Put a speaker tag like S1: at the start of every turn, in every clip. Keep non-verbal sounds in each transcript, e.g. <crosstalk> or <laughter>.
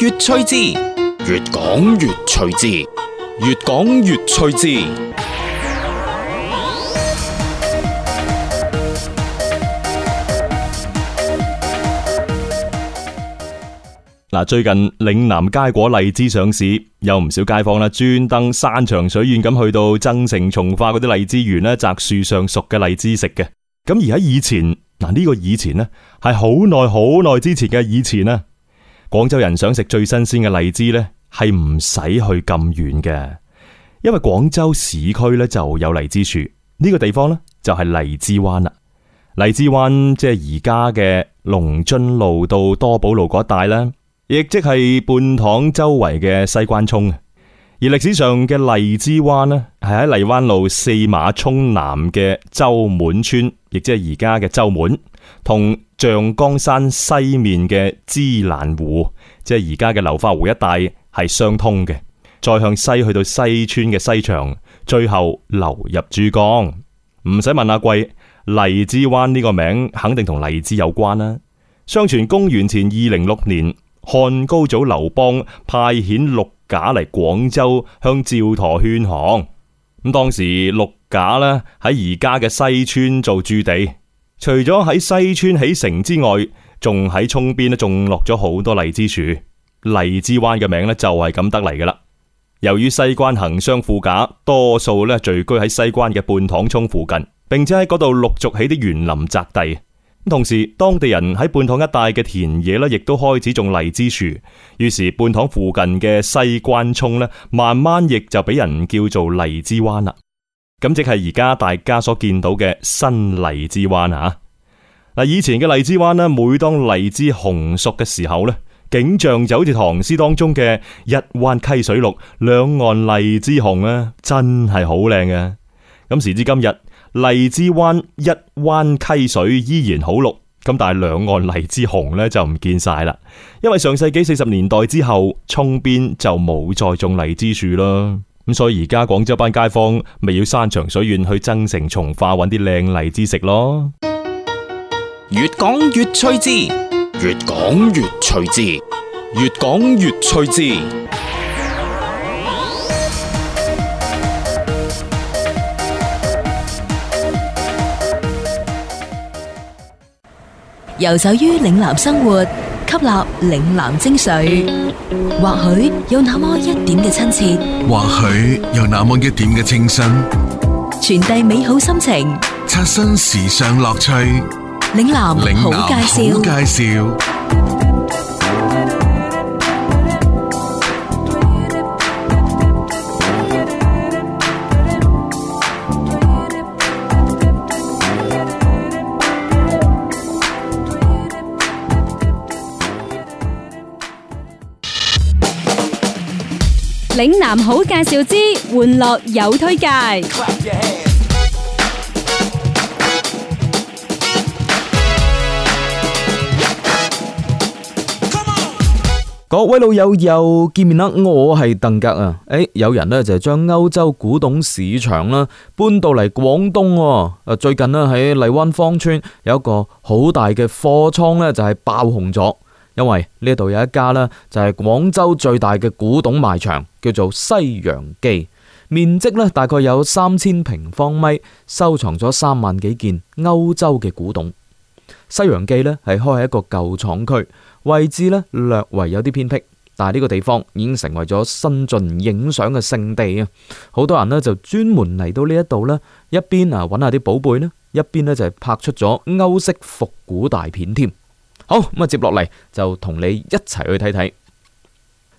S1: 越趣字，越講越趣字，越講越趣字。
S2: 嗱，最近嶺南佳果荔枝上市，有唔少街坊啦，專登山長水遠咁去到增城從化嗰啲荔枝園咧，摘樹上熟嘅荔枝食嘅。咁而喺以前，嗱、這、呢個以前咧係好耐好耐之前嘅以前啊。廣州人想食最新鮮嘅荔枝呢，係唔使去咁遠嘅，因為廣州市區呢就有荔枝樹。呢個地方呢，就係荔枝灣啦。荔枝灣即係而家嘅龍津路到多寶路嗰一帶咧，亦即係半塘周圍嘅西關涌。而歷史上嘅荔枝灣呢，係喺荔灣路四馬涌南嘅周門村，亦即係而家嘅周門。同象崗山西面嘅芝蘭湖，即係而家嘅流花湖一帶係相通嘅。再向西去到西村嘅西牆，最後流入珠江。唔使問阿貴，荔枝灣呢個名肯定同荔枝有關啦、啊。相傳公元前二零六年，漢高祖劉邦派遣陸賈嚟廣州向趙佗勸降。咁當時陸賈呢，喺而家嘅西村做駐地。除咗喺西村起城之外，仲喺涌邊咧種落咗好多荔枝樹，荔枝灣嘅名咧就係咁得嚟噶啦。由於西關行商富賈，多數咧聚居喺西關嘅半塘涌附近，並且喺嗰度陸續起啲園林宅地，同時當地人喺半塘一帶嘅田野咧，亦都開始種荔枝樹，於是半塘附近嘅西關涌咧，慢慢亦就俾人叫做荔枝灣啦。咁即係而家大家所見到嘅新荔枝灣啊！嗱，以前嘅荔枝灣呢，每當荔枝紅熟嘅時候呢，景象就好似唐詩當中嘅一灣溪水綠，兩岸荔枝紅呢，真係好靚嘅。咁時至今日，荔枝灣一灣溪水依然好綠，咁但係兩岸荔枝紅呢，就唔見晒啦，因為上世紀四十年代之後，涌邊就冇再種荔枝樹啦。咁所以而家廣州班街坊咪要山長水遠去增城從化揾啲靚荔枝食咯。
S1: 越講越趣致，
S2: 越講越
S1: 趣致，越講越趣致。
S3: 遊走於嶺南生活，吸納嶺南精髓，或許有那麼一點嘅親切，
S4: 或許有那麼一點嘅清新，
S3: 傳遞美好心情，
S4: 刷新時尚樂趣。
S3: 嶺南好介紹，好介紹。嶺南好介紹之，玩樂有推介。
S5: 各位老友又見面啦，我係鄧格啊。誒、欸，有人呢就將、係、歐洲古董市場啦搬到嚟廣東喎。最近呢，喺荔灣芳村有一個好大嘅貨倉呢就係爆紅咗。因為呢度有一家呢，就係廣州最大嘅古董賣場，叫做西洋記，面積呢，大概有三千平方米，收藏咗三萬幾件歐洲嘅古董。西洋記呢，係開喺一個舊廠區，位置呢略為有啲偏僻，但係呢個地方已經成為咗新晉影相嘅勝地啊！好多人呢，就專門嚟到呢一度呢，一邊啊揾下啲寶貝呢，一邊呢，就係拍出咗歐式複古大片添。好咁啊！接落嚟就同你一齊去睇睇。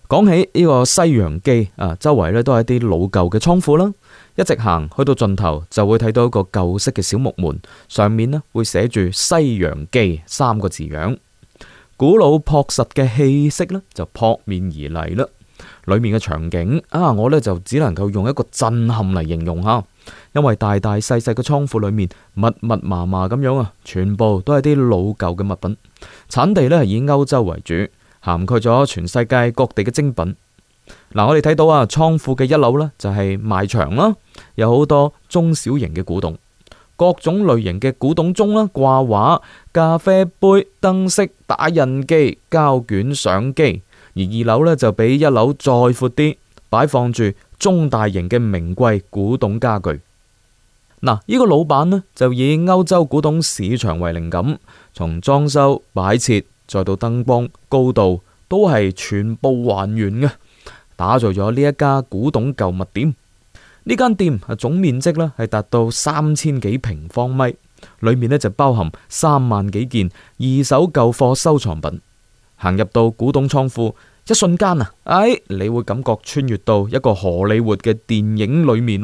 S5: 講起呢個西洋記啊，周圍咧都係一啲老舊嘅倉庫啦。一直行去到盡頭，就會睇到一個舊式嘅小木門，上面咧會寫住西洋記三個字樣，古老樸實嘅氣息咧就撲面而嚟啦。裏面嘅場景啊，我咧就只能夠用一個震撼嚟形容吓，因為大大細細嘅倉庫裏面密密麻麻咁樣啊，全部都係啲老舊嘅物品，產地咧以歐洲為主，涵蓋咗全世界各地嘅精品。嗱，我哋睇到啊，倉庫嘅一樓呢就係賣場啦，有好多中小型嘅古董，各種類型嘅古董鐘啦、掛畫、咖啡杯、燈飾、打印機、膠卷、相機。而二樓咧就比一樓再闊啲，擺放住中大型嘅名貴古董家具。嗱，呢個老闆呢，就以歐洲古董市場為靈感，從裝修擺設再到燈光高度，都係全部還原嘅，打造咗呢一家古董舊物店。呢間店啊，總面積咧係達到三千幾平方米，裏面咧就包含三萬幾件二手舊貨收藏品。行入到古董倉庫，一瞬間啊，哎，你會感覺穿越到一個荷里活嘅電影裏面。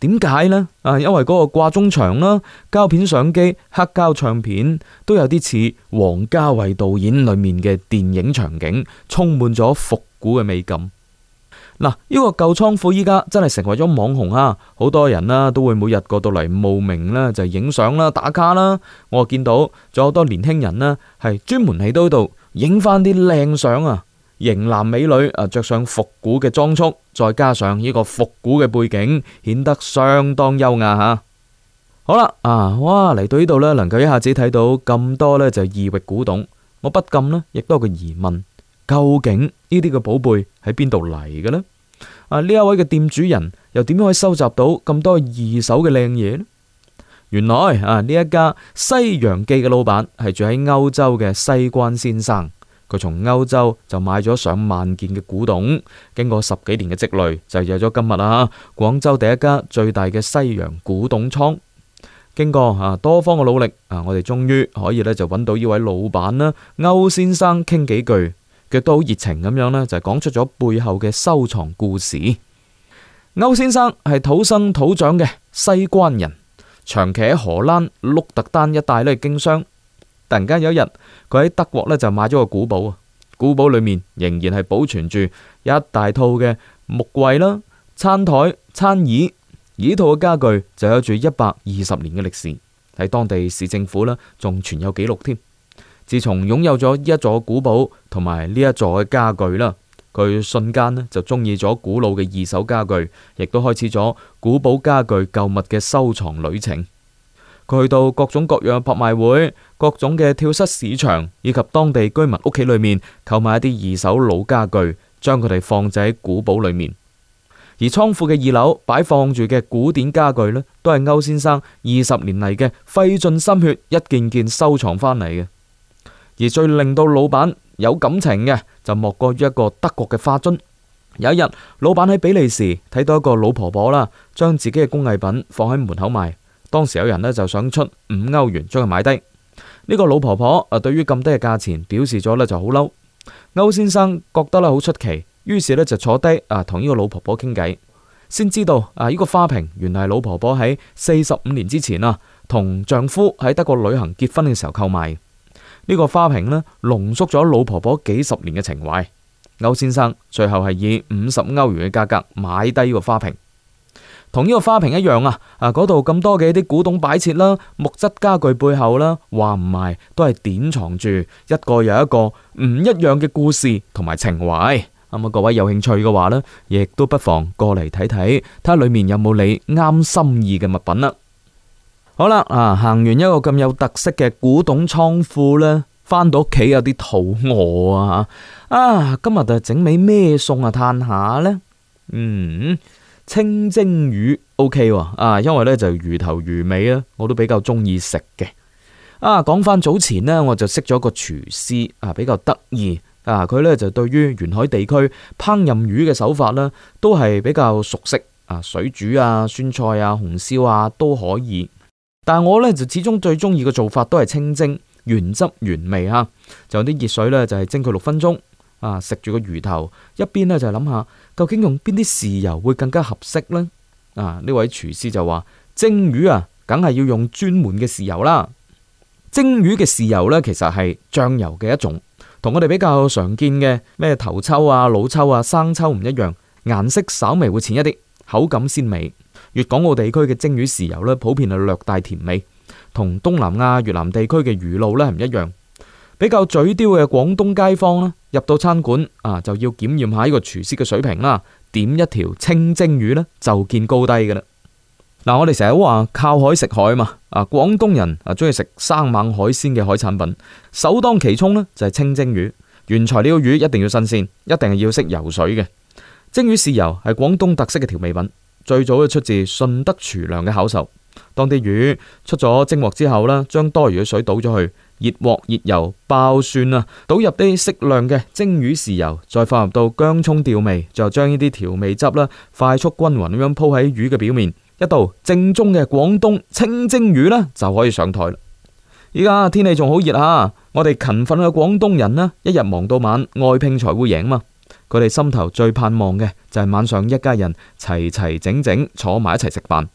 S5: 點解呢？啊，因為嗰個掛鐘牆啦、膠片相機、黑膠唱片都有啲似王家衛導演裏面嘅電影場景，充滿咗復古嘅美感。嗱，呢個舊倉庫依家真係成為咗網紅啊！好多人啦都會每日過到嚟慕名啦，就影相啦、打卡啦。我見到仲有好多年輕人啦，係專門喺度。影翻啲靚相啊，型男美女啊，着上復古嘅裝束，再加上呢個復古嘅背景，顯得相當優雅吓。好啦，啊，哇，嚟到呢度呢，能夠一下子睇到咁多呢就異域古董，我不禁呢，亦都有個疑問：究竟呢啲嘅寶貝喺邊度嚟嘅呢？啊，呢一位嘅店主人又點樣可以收集到咁多二手嘅靚嘢呢？原來啊，呢一家西洋記嘅老闆係住喺歐洲嘅西關先生。佢從歐洲就買咗上萬件嘅古董，經過十幾年嘅積累，就有咗今日啦、啊。廣州第一家最大嘅西洋古董倉，經過啊，多方嘅努力啊，我哋終於可以咧就搵到呢位老闆啦、啊。歐先生傾幾句，佢都好熱情咁樣咧，就講、是、出咗背後嘅收藏故事。歐先生係土生土長嘅西關人。長期喺荷蘭鹿特丹一帶咧經商，突然間有一日，佢喺德國咧就買咗個古堡啊！古堡裏面仍然係保存住一大套嘅木櫃啦、餐台、餐椅、呢套嘅家具，就有住一百二十年嘅歷史，喺當地市政府咧仲存有記錄添。自從擁有咗呢一座古堡同埋呢一座嘅家具啦。佢瞬間呢就中意咗古老嘅二手家具，亦都開始咗古堡家具舊物嘅收藏旅程。佢去到各種各樣拍賣會、各種嘅跳蚤市場，以及當地居民屋企裏面購買一啲二手老家具，將佢哋放置喺古堡裏面。而倉庫嘅二樓擺放住嘅古典家具呢，都係歐先生二十年嚟，嘅費盡心血一件件收藏翻嚟嘅。而最令到老闆。有感情嘅就莫過於一個德國嘅花樽。有一日，老闆喺比利時睇到一個老婆婆啦，將自己嘅工藝品放喺門口賣。當時有人呢就想出五歐元將佢買低。呢個老婆婆啊，對於咁低嘅價錢表示咗咧就好嬲。歐先生覺得咧好出奇，於是咧就坐低啊同呢個老婆婆傾計，先知道啊呢個花瓶原來係老婆婆喺四十五年之前啊同丈夫喺德國旅行結婚嘅時候購買。呢個花瓶呢，濃縮咗老婆婆幾十年嘅情懷。歐先生最後係以五十歐元嘅價格買低呢個花瓶。同呢個花瓶一樣啊，啊嗰度咁多嘅啲古董擺設啦，木質家具背後啦，話唔埋都係典藏住一個又一個唔一樣嘅故事同埋情懷。咁啊，各位有興趣嘅話呢，亦都不妨過嚟睇睇，睇下裏面有冇你啱心意嘅物品啦。好啦，啊，行完一個咁有特色嘅古董倉庫呢，翻到屋企有啲肚餓啊。啊，今日就整尾咩餸啊，嘆下呢，嗯，清蒸魚 OK，哦，啊，因為呢就魚頭魚尾啊，我都比較中意食嘅。啊，講翻早前呢，我就識咗個廚師啊，比較得意啊。佢呢就對於沿海地區烹飪魚嘅手法呢，都係比較熟悉啊。水煮啊，酸菜啊，紅燒啊，都可以。但我咧就始終最中意嘅做法都係清蒸原汁原味哈，啊，就啲熱水咧就係、是、蒸佢六分鐘，啊食住個魚頭一邊咧就諗、是、下究竟用邊啲豉油會更加合適呢。啊呢位廚師就話蒸魚啊，梗係要用專門嘅豉油啦。蒸魚嘅豉油咧，其實係醬油嘅一種，同我哋比較常見嘅咩頭抽啊、老抽啊、生抽唔一樣，顏色稍微會淺一啲，口感鮮美。粵港澳地區嘅蒸魚豉油咧，普遍係略帶甜味，同東南亞、越南地區嘅魚露咧係唔一樣。比較嘴刁嘅廣東街坊咧，入到餐館啊，就要檢驗下呢個廚師嘅水平啦。點一條清蒸魚咧，就見高低噶啦。嗱，啊，我哋成日話靠海食海嘛，啊廣東人啊中意食生猛海鮮嘅海產品，首當其衝呢就係、是、清蒸魚。原材料魚一定要新鮮，一定係要識游水嘅。蒸魚豉油係廣東特色嘅調味品。最早就出自順德廚娘嘅巧手，當啲魚出咗蒸鑊之後咧，將多餘嘅水倒咗去，熱鑊熱油爆蒜啊，倒入啲適量嘅蒸魚豉油，再放入到薑蔥調味，就將呢啲調味汁啦，快速均匀咁樣鋪喺魚嘅表面，一道正宗嘅廣東清蒸魚啦，就可以上台啦。依家天氣仲好熱吓，我哋勤奮嘅廣東人呢，一日忙到晚，愛拼才會贏嘛。佢哋心頭最盼望嘅就係晚上一家人齊齊整整坐埋一齊食飯。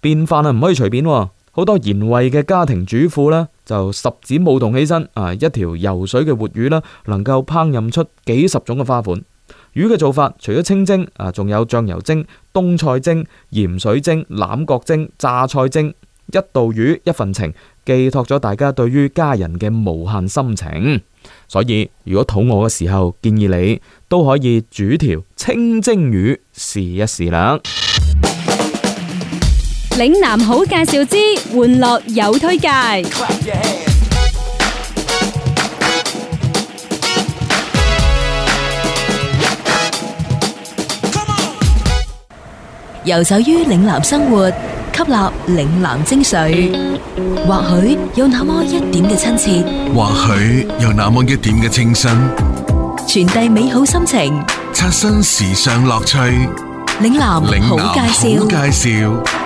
S5: 便飯啊，唔可以隨便，哦，好多賢惠嘅家庭主婦咧，就十指舞動起身，啊，一條游水嘅活魚啦，能夠烹飪出幾十種嘅花款。魚嘅做法除咗清蒸啊，仲有醬油蒸、冬菜蒸、鹽水蒸、欖角蒸、榨菜蒸，一道魚一份情，寄託咗大家對於家人嘅無限心情。所以，如果肚餓嘅時候，建議你都可以煮條清蒸魚試一試啦。
S3: 嶺南好介紹之玩樂有推介。游走於嶺南生活。吸納嶺南精髓，或許有那麼一點嘅親切，
S4: 或許有那麼一點嘅清新，
S3: 傳遞美好心情，
S4: 刷新時尚樂趣。
S3: 嶺南好介紹，好介紹。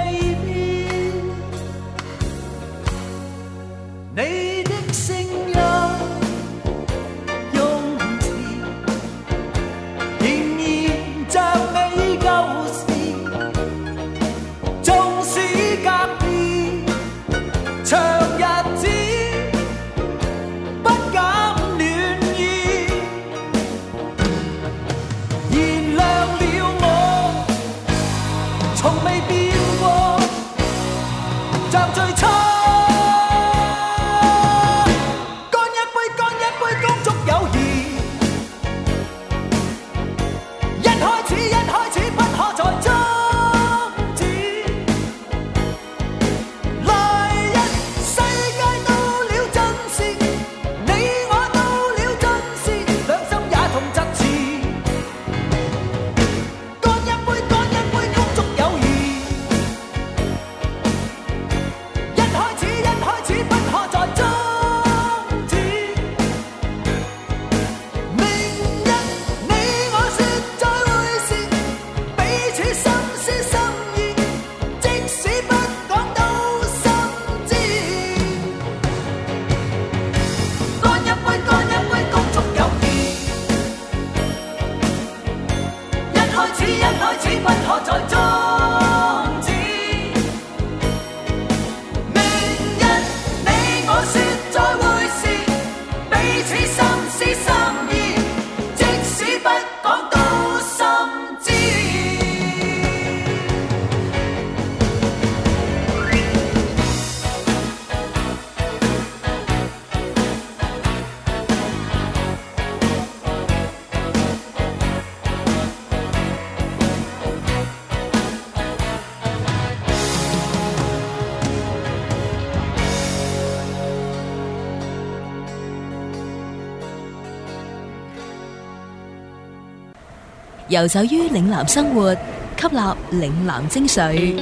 S3: 遊走於嶺南生活，吸納嶺南精髓，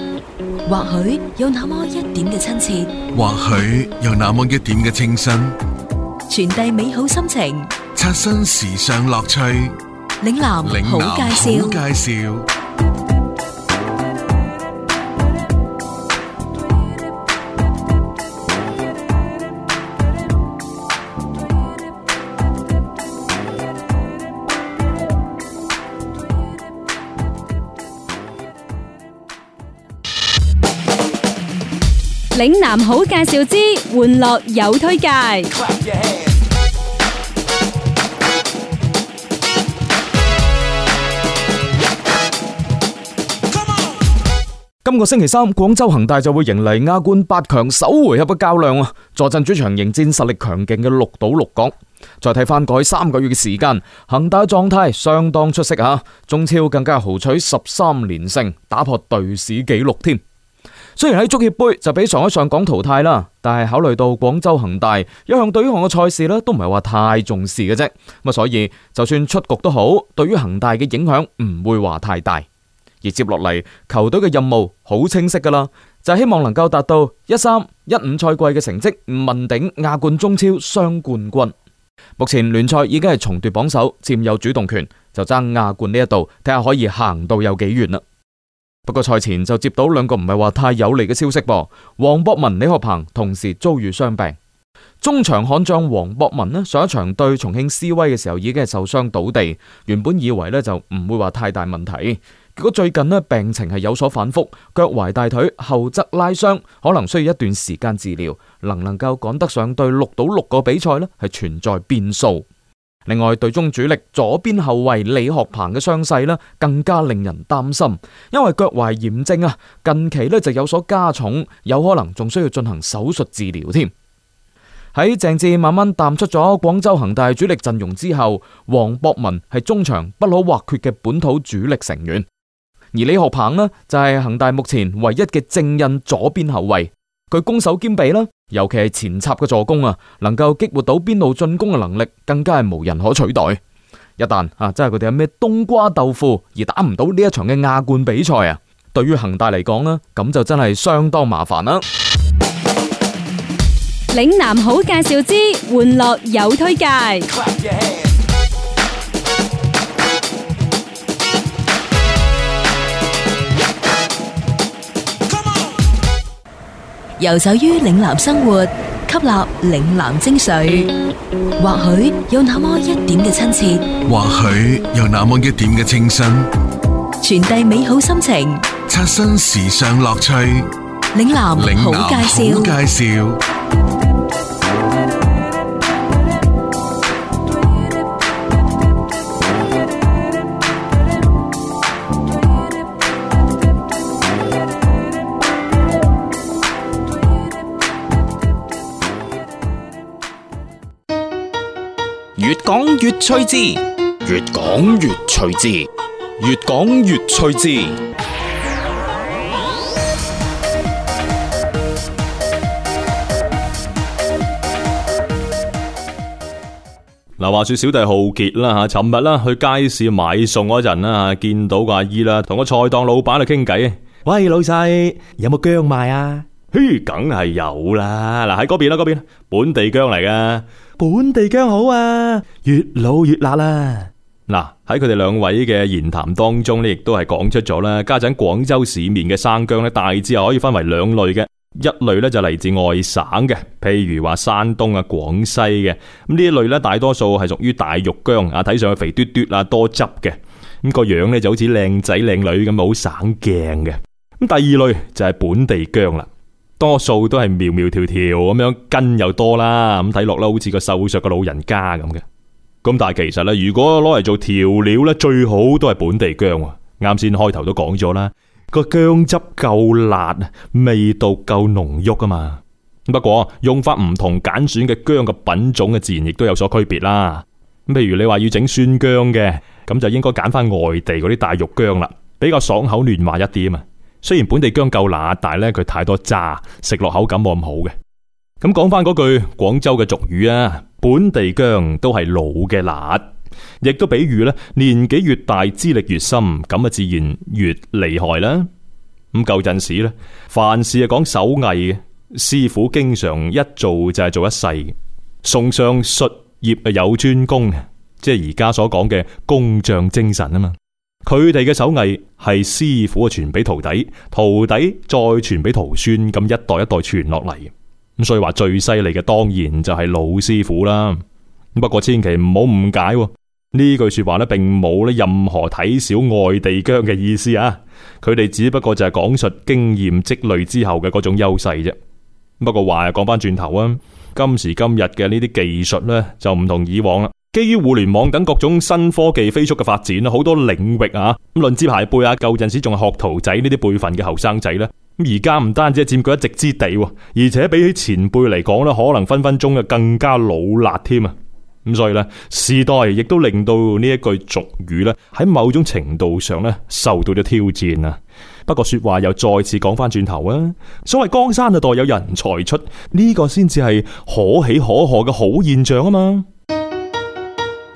S3: 或許有那麼一點嘅親切，
S4: 或許有那麼一點嘅清新，
S3: 傳遞美好心情，
S4: 刷新時尚樂趣。
S3: 嶺南好介紹。嶺南好介紹之，玩樂有推介。
S5: 今個星期三，廣州恒大就會迎嚟亞冠八強首回合嘅較量啊！坐鎮主場迎戰實力強勁嘅鹿島鹿角。再睇翻過去三個月嘅時間，恒大狀態相當出色吓，中超更加豪取十三連勝，打破隊史紀錄添。雖然喺足協盃就比上海上港淘汰啦，但係考慮到廣州恒大一向對於呢項嘅賽事咧都唔係話太重視嘅啫，咁啊所以就算出局都好，對於恒大嘅影響唔會話太大。而接落嚟球隊嘅任務好清晰噶啦，就係希望能夠達到一三一五賽季嘅成績，問鼎亞冠、中超雙冠軍。目前聯賽已經係重奪榜首，佔有主動權，就爭亞冠呢一度睇下可以行到有幾遠啦。不過賽前就接到兩個唔係話太有利嘅消息。噃，黃博文、李學鵬同時遭遇傷病。中場悍將黃博文咧，上一場對重慶示威嘅時候已經係受傷倒地，原本以為咧就唔會話太大問題，結果最近呢病情係有所反覆，腳踝、大腿後側拉傷，可能需要一段時間治療，能唔能夠趕得上對六到六個比賽呢？係存在變數。另外，隊中主力左邊後衛李學鵬嘅傷勢咧，更加令人擔心，因為腳踝炎症啊，近期咧就有所加重，有可能仲需要進行手術治療添。喺鄭智慢慢淡出咗廣州恒大主力陣容之後，黃博文係中場不可或缺嘅本土主力成員，而李學鵬咧就係、是、恒大目前唯一嘅正印左邊後衛。佢攻守兼備啦，尤其係前插嘅助攻啊，能夠激活到邊路進攻嘅能力，更加係無人可取代。一旦啊，真係佢哋有咩冬瓜豆腐而打唔到呢一場嘅亞冠比賽啊，對於恒大嚟講咧，咁就真係相當麻煩啦。
S3: 嶺南好介紹之，玩樂有推介。遊走於嶺南生活，吸納嶺南精髓，或許有那麼一點嘅親切，
S4: 或許有那麼一點嘅清新，
S3: 傳遞美好心情，
S4: 刷新時尚樂趣。
S3: 嶺南好介紹，好介
S4: 紹。
S1: 越趣緻，越講越趣緻，越講越趣緻。
S2: 嗱，話說小弟浩杰啦吓，尋日啦，去街市買餸嗰陣啦吓，見到個阿姨啦，同個菜檔老闆嚟傾偈。喂，老細，有冇薑賣啊？嘿，梗係有啦。嗱，喺嗰邊啦，嗰邊本地薑嚟噶。本地姜好啊，越老越辣啦！嗱，喺佢哋兩位嘅言談當中咧，亦都係講出咗啦。家陣廣州市面嘅生姜咧，大致又可以分為兩類嘅，一類呢就嚟自外省嘅，譬如話山東啊、廣西嘅，咁呢一類咧，大多數係屬於大肉姜啊，睇上去肥嘟嘟啊，多汁嘅，咁個樣咧就好似靚仔靚女咁，好省鏡嘅。咁第二類就係本地姜啦。多數都係苗苗條條咁樣，根又多啦，咁睇落啦，好似個瘦削嘅老人家咁嘅。咁但係其實咧，如果攞嚟做調料咧，最好都係本地姜啊。啱先開頭都講咗啦，個姜汁夠辣，味道夠濃郁啊嘛。不過用翻唔同揀選嘅姜嘅品種嘅，自然亦都有所區別啦。咁譬如你話要整酸姜嘅，咁就應該揀翻外地嗰啲大肉姜啦，比較爽口嫩滑一啲啊嘛。雖然本地姜夠辣，但係咧佢太多渣，食落口感冇咁好嘅。咁講翻嗰句廣州嘅俗語啊，本地姜都係老嘅辣，亦都比喻咧年紀越大資歷越深，咁啊自然越厲害啦。咁舊陣時咧，凡事係講手藝嘅，師傅經常一做就係做一世，崇尚術業有專攻，即係而家所講嘅工匠精神啊嘛。佢哋嘅手藝係師傅啊傳俾徒弟，徒弟再傳俾徒孫，咁一代一代傳落嚟。咁所以話最犀利嘅當然就係老師傅啦。不過千祈唔好誤解，呢句說話呢並冇咧任何睇小外地薑嘅意思啊。佢哋只不過就係講述經驗積累之後嘅嗰種優勢啫。不過話又講翻轉頭啊，今時今日嘅呢啲技術呢，就唔同以往啦。基於互聯網等各種新科技飛速嘅發展，好多領域啊，咁論資排輩啊，舊陣時仲係學徒仔呢啲輩份嘅後生仔呢，而家唔單止佔據一席之地，啊、而且比起前輩嚟講咧，可能分分鐘啊更加老辣添啊！咁所以呢，時代亦都令到呢一句俗語呢，喺、啊、某種程度上咧，受到咗挑戰啊。不過說話又再次講翻轉頭啊，所謂江山就代有人才出，呢、呢個先至係可喜可賀嘅好現象啊嘛。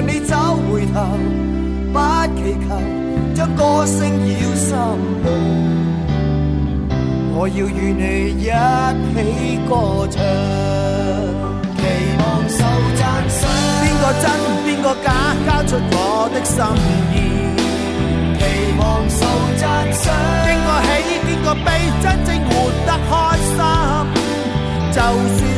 S6: 讓你走回頭不祈求，將歌聲繞心裏。我要與你一起歌唱，期望受讚賞。邊個真邊個假，交出
S7: 我的心意。期望受讚賞。經過喜經過悲，真正活得開心。就算。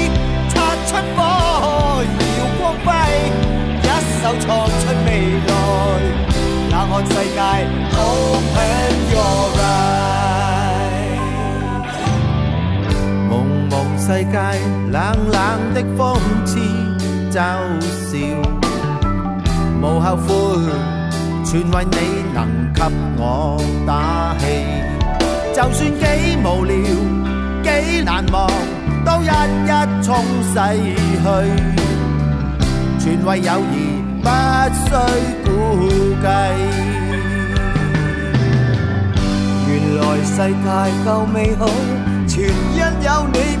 S7: 世界冷冷的諷刺嘲笑，無後悔，全為你能給我打氣，就算幾無聊，幾難忘，都一一沖洗去。全為友誼，不需估計。
S6: <noise> 原來世界夠美好，全因有你。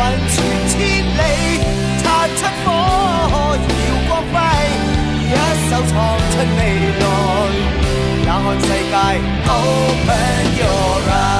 S6: 雲穿千里，擦出火，耀光輝，一手創出未來，也看世界。Open your eyes。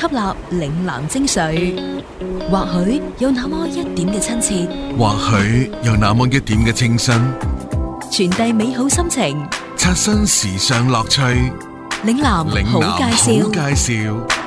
S3: 吸納嶺南精髓，或許有那麼一點嘅親切，
S4: 或許有那麼一點嘅清新，
S3: 傳遞美好心情，
S4: 刷新時尚樂趣。
S3: 嶺南好介紹，嶺南好介
S4: 紹。